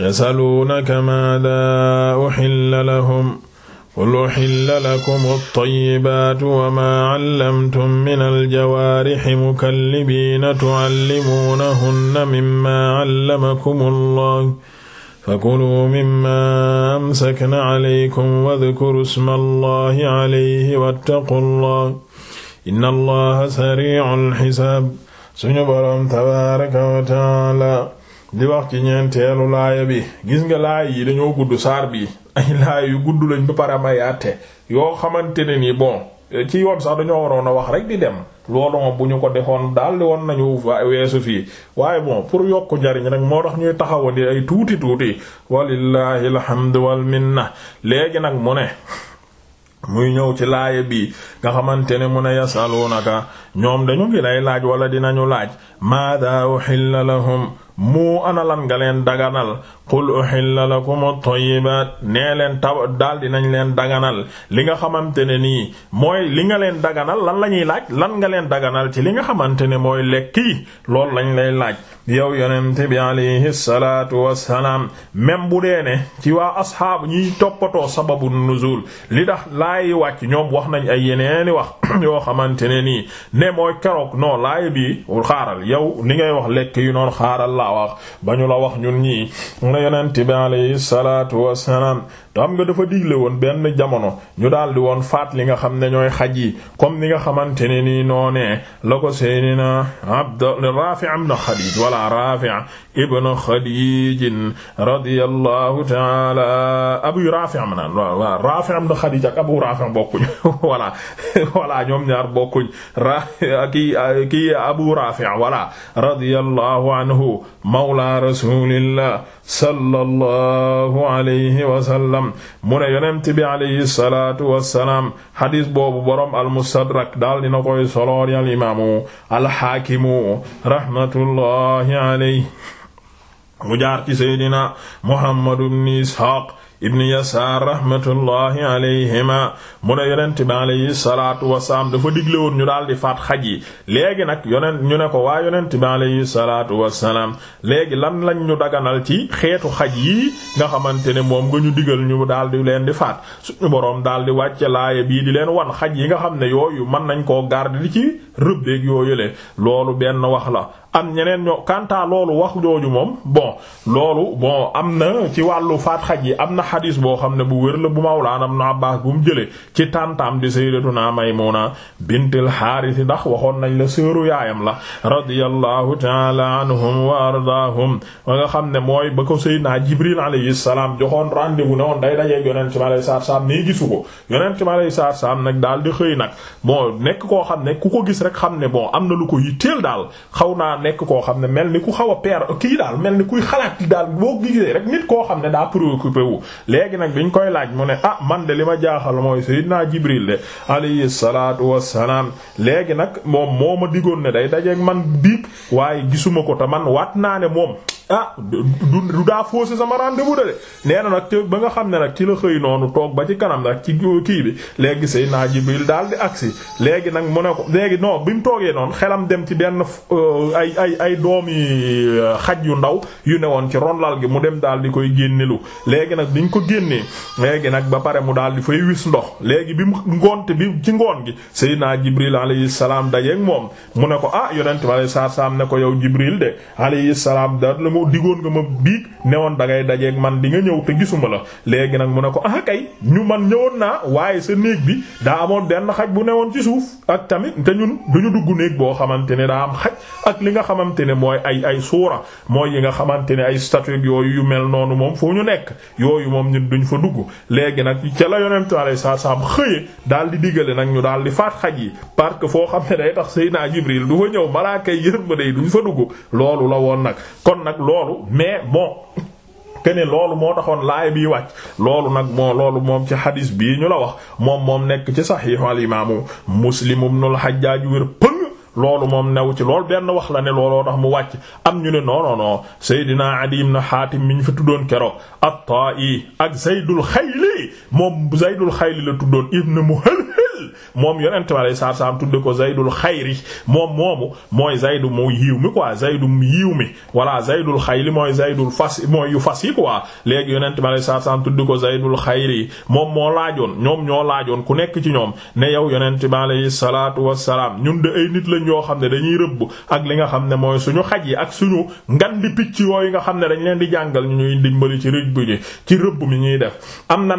yasaluunaka maadaa uhilla lahum qul uhilla lakum at-tayyibaatu wa maa allamtum min al-jawaarihi mukallibiina tu'allimuunahunna mimmaa allamakumu Allahu fakuluu mimmaa amsakna alaykum wadhkuru isma Allahi alayhi wattaqu Allaha inna Allaha sarii'ul hisaab suñu boroom tabaaraka wa ta'aala di wax ci ñeenteelu laaya bi gis nga laaya yi dañoo gudd saar bi ay laaya yu gudd lañ ba pare am àtte yoo xamante ne nii bon ci yoon sax dañoo waroon a wax rek di dem loolu moom bu ñu ko defoon daal di woon nañu weesu fii waaye bon pour yokk njariñ rek moo tax ñuy taxawandi ay tuuti tuuti walillahi alhamdu wal minna léegi nag mu ne muy ñëw ci laaya bi nga xamante ne mu ne yasalunaka ñoom dañu ngi lay laaj wala dinañu laaj maada uhilla lahum mu analan nga leen daganal qul uhilla lakum at-tayyibat nee leen ta daal dinañ leen daganal li nga xamante ne nii mooy li nga leen daganal lan la ñuy laaj lan nga leen daganal ci li nga xamante ne mooy lekk yi loolu lañ lay laaj yow yonent bi alayhi salaatu wassalaam même bu dee ne ci waa asxaabu ñiy toppatoo sababu nuzul li tax laayi wàcc ñoom wax nañ ay yeneeni wax yoo xamante ne nii ne mooy keroog non laay bi xaaral yow li ngay wax lekk yu xaaral la laa wax ba ñu la wax ñun ñii mu ne yonent bi alayhi salaatu wassalaam tam nga dafa digle woon benn jamono ñu daal di woon faat li nga xam ne ñooy xaj yi comme ni nga xamante ne nii noonee la ko seydina abd rafi' ibn khadij wala rafi' ibn khadij radiyallahu ta'ala abu rafi' ma naan waaw rafi' ibn khadij ak abu rafi' bokkuñ wala wala ñoom ñaar bokkuñ ra ki ki abu rafi' wala radiyallahu anhu mawla rasulillah sallallahu alayhi wa sallam mu ne yonent bi alayhi salaatu wa salaam hadis boobu borom almustadrak daal dina koy solo al imaamu alxaakimu rahmatullahi alayhi mu jaar ci seydina Muhammad ibn Isxaaq ibn yasaar rahmatullahi alayhima mu ne yonent bi alayhi salaatu wasalaam dafa digle woon ñu daal di faat xaj yi léegi nag yonent ñu ne ko waa yonent bi alayhi salaatu wasalaam léegi lan lañ ñu daganal ci xeetu xaj yi nga xamante ne moom nga ñu digal ñu daal di leen di faat suñu boroom daal di wàcce laaya bii di leen wan xaj yi nga xam ne yooyu mën nañ koo garder di ci rëbbeeg yooyu le loolu benn wax la am ñeneen ñoo kanta loolu wax jooju moom bon loolu xadis boo xam ne bu wér la bu mawlaana ibn Abbaas bu mu jëlee ci tàntaam di sayyidatuna Maymuna bintul Haaris ndax waxoon nañ la seeru yaayam la radiyallahu taala anhum wa ardaahum wa nga xam ne mooy ba ko sayyidina Jibril alayhi salaam joxoon rendez-vous ne woon day dajeeg yonent mi alayhi salaatu salaam nii gisu ko yonent ma alayhi salaatu salaam nag daal di xëy nag moo nekk koo xam ne ku ko gis rek xam ne boo am na lu ko yitteel daal xaw naa nekk koo xam ne mel ni ku xaw a peer kii daal mel ni kuy daal boo gisee rek koo xam ne daa préoccupé léegi nag biñ koy laaj mu ne ah man de li ma jaaxal mooy Seydina Jibril de alayhi salaatu wassalaam léegi nag moom moo ma digoon ne day dajeeg man biig waaye gisuma ko te man waat naa ne moom ah du daa faussé sama rendez bu de nee na nag te ba nga xam ne nag ci la xëy noonu toog ba ci kanam nag ci kii bi léegi Seydina Jibril daal di agsi léegi nag mu ne ko léegi noo bi mu toogee noonu xelam dem ci benn euh, ay ay ay doomi euh, xaj yu ndaw yu ne woon ci ronlal gi mu dem daal di koy génnelu léegi nag diñ ko génnee léegi nag ba pare mu daal di fay wis ndox léegi bi mu ngoonte bi ci ngoon gi Seydina Jibril alayhi salaam dajeeg moom mu ne ko ah yonent bi alayhi ne ko yow Jibril moo digoon nga ma biig newoon da ngay man di nga ñëw te gisuma la léegi nag mu ne ko ah kay ñu man ñëwoon naa waaye sa néeg bi daa amoon benn xaj bu newoon ci suuf ak tamit te ñun du ñu dugg néeg boo xamante ne daa am xaj ak li nga xamante ne mooy ay ay suura mooy yi nga xamante ne ay statue yooyu yu mel noonu moom foo ñu nekk yooyu moom ñun duñ fa dugg léegi nag ca la yonentu Yàlla saa saam xëye daal di digale nag ñu daal di faat xaj yi parce que foo xam ne day tax Seydina Jibril du fa ñëw malaaka yërmande yi duñ fa dugg loolu loolu mais bon kene loolu moo taxoon laay bi wàcc loolu nag moo loolu moom ci xadis bii ñu la wax moom moom nekk ci saxiixu al imaamu muslim ibnul xajjaaj wér pëng loolu moom new ci loolu benn wax la ne looloo tax mu wàcc am ñu ne non non non Seydina Adi na Hatim mi ñu fi tuddoon keroog at-Ta'i ak Zaydul Xayli moom Zaydul Xayli la tuddoon ibn Muhal jël moom yonent ma lay saar saam tudde ko zaydul xayri moom moomu mooy zaydu mu yiw mi quoi zaydu yiiw mi voilà zaydul xayli mooy zaydul fas mooy yu fas yi quoi léegi yonent ma lay saar saam tudde ko zaydul xayri moom moo laajoon ñoom ñoo laajoon ku nekk ci ñoom ne yow yonent ma lay salaatu wassalaam ñun de ay nit lañ yoo xam ne dañuy rëbb ak li nga xam ne mooy suñu xaj yi ak suñu ngan di picc yooyu nga xam ne dañ leen di jàngal ñu ñuy dimbali ci rëbb ji ci rëbb mi ñuy def am na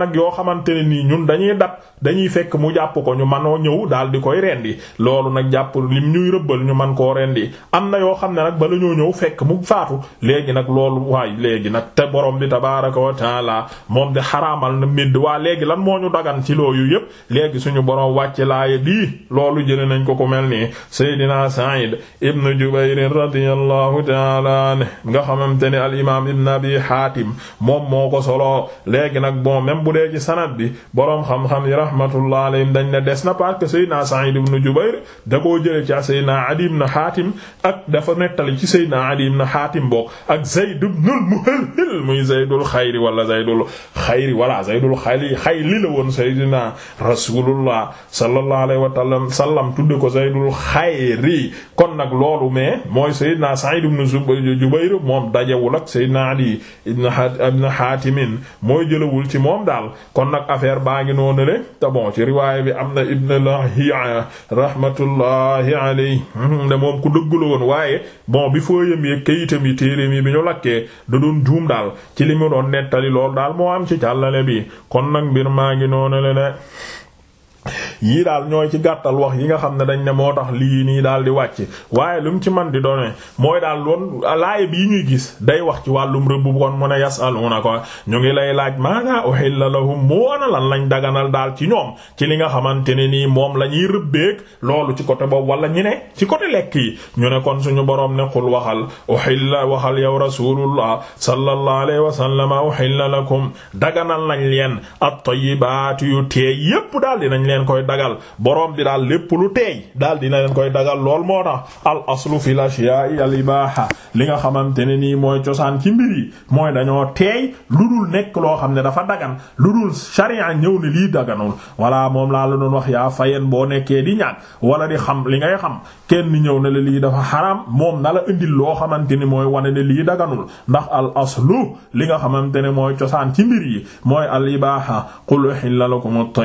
ko ñu manoo ñëw daal di koy rendi loolu nag jàpp lim ñuy rëbbal ñu man koo rendi am na yoo xam ne nag bala ñoo ñëw fekk mu faatu léegi nag loolu waay léegi nag te borom bi tabaaraka wa taala moom de xaraamal na medd waa léegi lan moo ñu dagan ci looyu yépp léegi suñu borom wàcc laaya bii loolu jëlee nañ ko ko mel nii Seydina Saïd ibn Jubayr radiyallahu taala anhu nga xamante ne al imaam ibn Abi Hatim moom moo ko solo léegi nag bon même bu dee ci sanad bi borom xam-xam yi rahmatullah alayhim dañ ne ne des na parce que Seydina Sa'id ibn Jubayr da koo jëlee ci Seydina Adi ibn Hatim ak dafa nettali ci Seydina Adi ibn Hatim bokk ak Zayd ibn al-Muhalhil muy Zaydul xayri wala Zaydul xayri wala Zaydul xayli xayli la woon Seydina Rasulullah sallallahu alayhi wa sallam tudde ko Zaydul xayri kon nag loolu mais mooy Seydina Sa'id ibn Jubayr moom dajewul ak Seydina Adi ibn Hatim mooy jëlawul ci moom daal kon nag affaire baa noonu le te bon ci riwaaya bi am Amna ibn Lahiya rahmatullahi alayhi hmm, ne moom ku dëgg la waaye bon bi foo yëmee kayitam yi téereem mi bi ño lakke da doon juum daal ci li mu nettali lool daal moo am ci jàllale bi kon nag mbir maa ngi noonu yii daal ñooy ci gàttal wax yi nga xam ne dañ ne moo tax lii nii daal di wàcc waaye lu mu ci man di doone mooy daal loon laaya bii ñuy gis day wax ci wàllum rëbb kon mu ne yasaluna ko ñu ngi lay laaj maana uhilla lahum mu wana lan lañ daganal daal ci ñoom ci li nga xamante ne nii moom la ñuy rëbbeeg loolu ci côté boobu walla ñu ne ci côté lekk yi ñu ne kon suñu boroom nekkul xul waxal uhilla waxal yow rasulullah sallallahu alayhi wa sallam uhilla lakum daganal nañ leen at-tayyibatu yu tee yépp daal dinañ leen koy dagal borom bi daal lépp lu teey daal dina leen koy dagal lool moo tax al aslu fil ashyaa'i al ibaaha li nga xamante ne nii mooy cosaan ci yi mooy dañoo teey lu dul nekk loo xam ne dafa dagan lu dul sharia ñëw ne lii daganul walla moom laa la doon wax yaa fayen boo nekkee di ñaan wala di xam li ngay xam kenn ñëw ne la lii dafa xaraam moom na la indil loo xamante ni mooy wane ne lii daganul ndax al li nga xamante ne mooy cosaan ci mbir yi mooy al ibaaha qul uhilla lakum at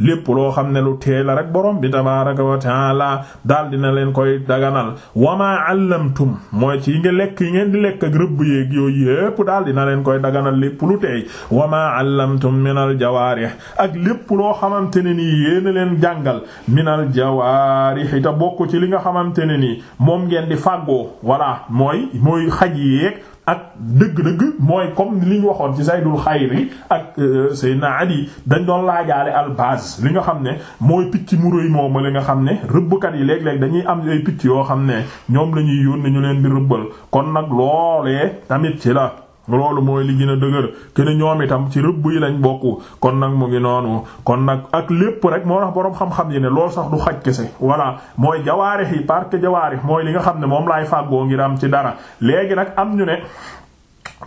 lépp loo xam ne lu tee la rek borom bi tabaaraka wa taala daal na leen koy daganal wama allamtum mooy ci yi nga lekk yi ngeen lekk ak rëbb yéeg yooyu yépp daal na leen koy daganal lépp lu teey wama allamtum minal jawaarih ak lépp loo xamante ne ni yéena leen jàngal minal jawaarih te bokk ci li nga xamante ne ni moom ngeen di fàggoo voilà mooy mooy xaj yeek ak dëgg-dëgg mooy comme li waxoon ci Saydul Xayri ak euh, Seydina yi dañ doon laajaale albaz li nga xam ne mooy picc mu rëy moom li nga xam ne rëbbkat yi léeg-léeg dañuy am ay picc yoo xam ne ñoom la ñuy yónni ñu leen di rëbbal kon nag loolee tamit ci la. loolu mooy li gën a dëgër kene ñoom itam ci rëbb yi lañ bokk kon nag mu ngi noonu kon nag ak lépp rek moo tax boroom xam-xam yi ne loolu sax du xaj kese voilà mooy jawaarix yi parce que jawaarix mooy li nga xam ne moom laay fàggoo ngir am ci dara léegi nag am ñu ne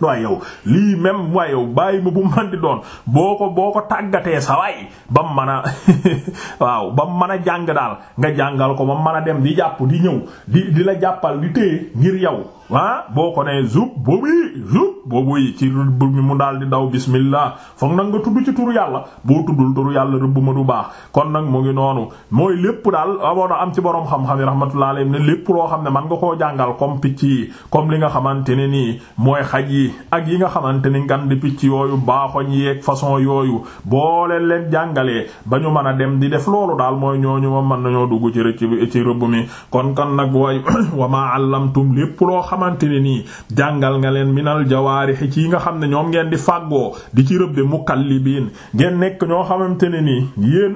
waaye yow lii même waaye yow bàyyi ma bu man di doon boo ko boo ko tàggatee sa waay ba mu mën a waaw ba mu mën a jàng daal nga jàngal ko ba mu mën a dem di jàpp di ñëw di di la jàppal di téye ngir yow waa boo ko nee zub boobu zub boobu yi ci rëbb mi mu daal di daw bismillah foog nag nga tudd ci turu yàlla boo tuddul turu yàlla rëbb ma du baax kon nag mu ngi noonu mooy lépp daal a am ci borom xam-xam yi rahmatullah alayhi ne lépp loo xam ne man nga koo jàngal comme picc yi comme li nga xamante ne nii mooy xaj yi ak yi nga xamante ni ngan di picc yooyu baaxoñ yeeg façon yooyu boo leen leen jàngalee ba ñu mën a dem di def loolu daal mooy ñooñu moom mën nañoo dugg ci ci rëbb mi kon xamante ne nii jàngal nga leen minal jawaarixi ci yi nga xam ne ñoom ngeen di fàggoo di ci rëbbe mukallibiin ngeen nekk ñoo xamante ne nii yéen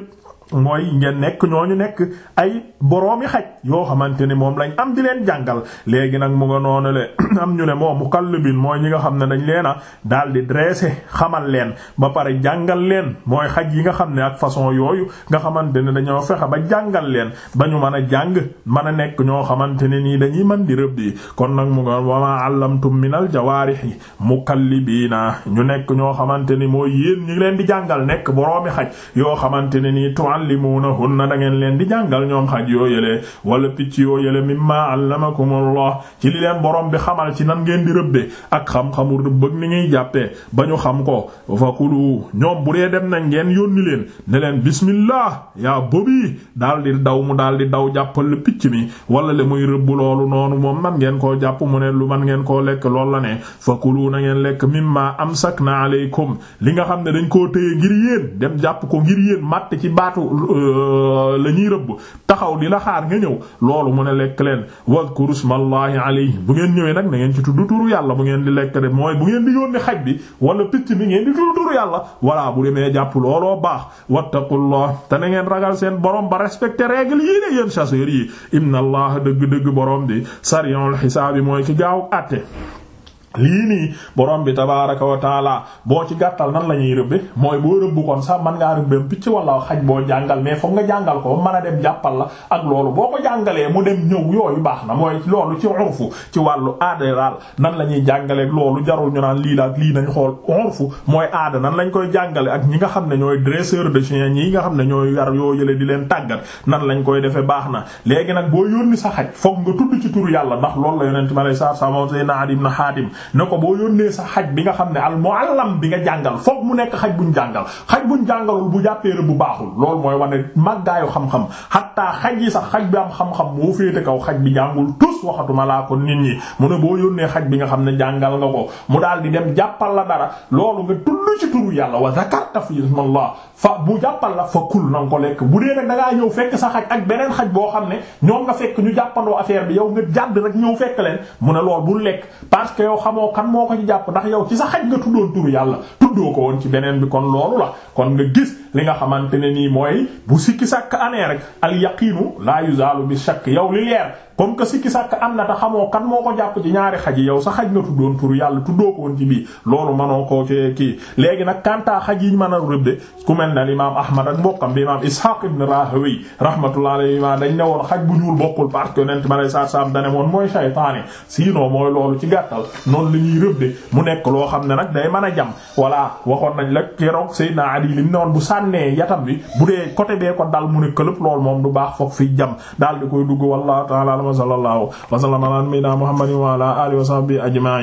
mooy ngeen nekk ñu nekk ay boroomi xaj yoo xamante ni moom lañ am di leen jàngal léegi nag mu nga noonu le am ñu ne moo mukallabin mooy ñi nga xam ne dañ leen a daal di dressé xamal leen ba pare jàngal leen mooy xaj yi nga xam ne ak façon yooyu nga xamante ne dañoo fexe ba jàngal leen ba ñu mën a jàng mën a nekk ñoo xamante ne nii dañuy mën di rëbb kon nag mu nga wama allamtum minal jawaarihi mukallibina xamante ni mooy yéen ñu leen di jàngal nekk boroomi xaj yoo xamante ne nii tuallimuunahunna da ngeen leen di jàngal ñoom xaj yoo yëlee wala picc yoo yële mimma allamakumullah ci li leen borom bi xamal ci nan ngeen di rëbbe ak xam-xamu rëbb ak ni ngay jàppee ba ñu xam ko fakulu ñoom bu dee dem nañ ngeen yónni leen ne leen bismillah yaa bobi daal di daw mu dal di daw jàppal la picc mi wala le muy rëbb loolu noonu moom man ngeen koo jàpp mu ne lu man ngeen koo lekk lool la ne fakulu na ngeen lekk mimma amsakna alaykum li nga Euh, la ñuy rëbb taxaw di la xaar nga ñëw loolu mu ne lekk leen wadkuru smallahi alayhi bu ngeen ñëwee nag na ngeen ci tudd turu yàlla bu ngeen di lekk de mooy bu ngeen di yónni xaj bi wala picc bi ngeen di tudd turu yàlla walla bu demee jàpp looloo baax wattaqullah te na ngeen ragal seen borom ba respecté règle yii ne yéen chasseurs yi inna allah dëgg-dëgg borom bi sari'ul xisaab bi mooy ki gaaw àtte lii nii borom bi tabaaraka wa taala boo ci gàttal nan la ñuy rëbbe mooy boo rëbbu kon sax man ngaa rëbbeem picc wala xaj boo jàngal mais foog nga jàngal ko mën a jàppal la ak loolu boo ko jàngalee mu dem ñëw yooyu baax na mooy loolu ci urfu ci wàllu aada daal nan la ñuy jàngaleeg loolu jarul ñu naan lii la ak lii nañ xool urfu mooy aada nan lañ koy jàngale ak ñi nga xam ne ñooy dresseur de chien ñi nga xam ne ñooy yar yoo yële di leen tàggat nan lañ koy defee baax na léegi nag boo yónni sa xaj foog nga tudd ci turu yàlla ndax loolu la yonent ma lay sa sa Seydina Adi ibn Hatim ne ko boo yónnee sa xaj bi nga xam ne al muallam bi nga jàngal foog mu nekk xaj buñ jàngal xaj buñ jàngalul bu jàppee rek bu baaxul loolu mooy ne màggaayu xam-xam xataa xaj yi sax xaj bi am xam-xam moo féete kaw xaj bi jàngul tus waxatuma laa ko nit ñi mu ne boo yónnee xaj bi nga xam ne jàngal nga ko mu daal di dem jàppal la dara loolu nga tudd ci turu yàlla wa zakarta fi ismallah fa bu jàppal la fa kul na ko lekk bu dee nag da ñëw fekk sa xaj ak beneen xaj boo xam ne ñoom nga ñu jàppandoo affaire bi yow nga jàdd rek ñëw fekk leen mu ne xamoo kan moo ko ci jàpp ndax yow ci sa xaj nga tuddoon turu yàlla tuddoo ko woon ci beneen bi kon loolu la kon nga gis li nga xamante ne nii mooy bu sikki sàkk anee rek al yaqiinu laa yuzaalu bi shakk yow li leer comme que sikki sàkk am na te xamoo kan moo ko jàpp ci ñaari xaj yi yow sa xaj nga tuddoon pour yàlla tuddoo ko woon ci bii loolu manoo koo kii léegi nag kantaa xaj yiñ mën a rëbde ku mel na imaam bi imaam ishaq ibn rahawi rahmatullah ma dañ ne woon xaj bu ñuul bokkul parce que yonent ma lay saa saam dane woon mooy shaytaani sinon mooy loolu ci gàttal noonu li ñuy rëbde mu nekk loo xam ne nag day mën a jam sànnee yatam bi bu dee côté bee ko dal mu ne këlëb lool moom du baax foog fiy jam daal di koy dugg wallahu ta'ala wa sallallahu wa sallama ala nabiyyina muhammadin wa ala alihi wa sahbihi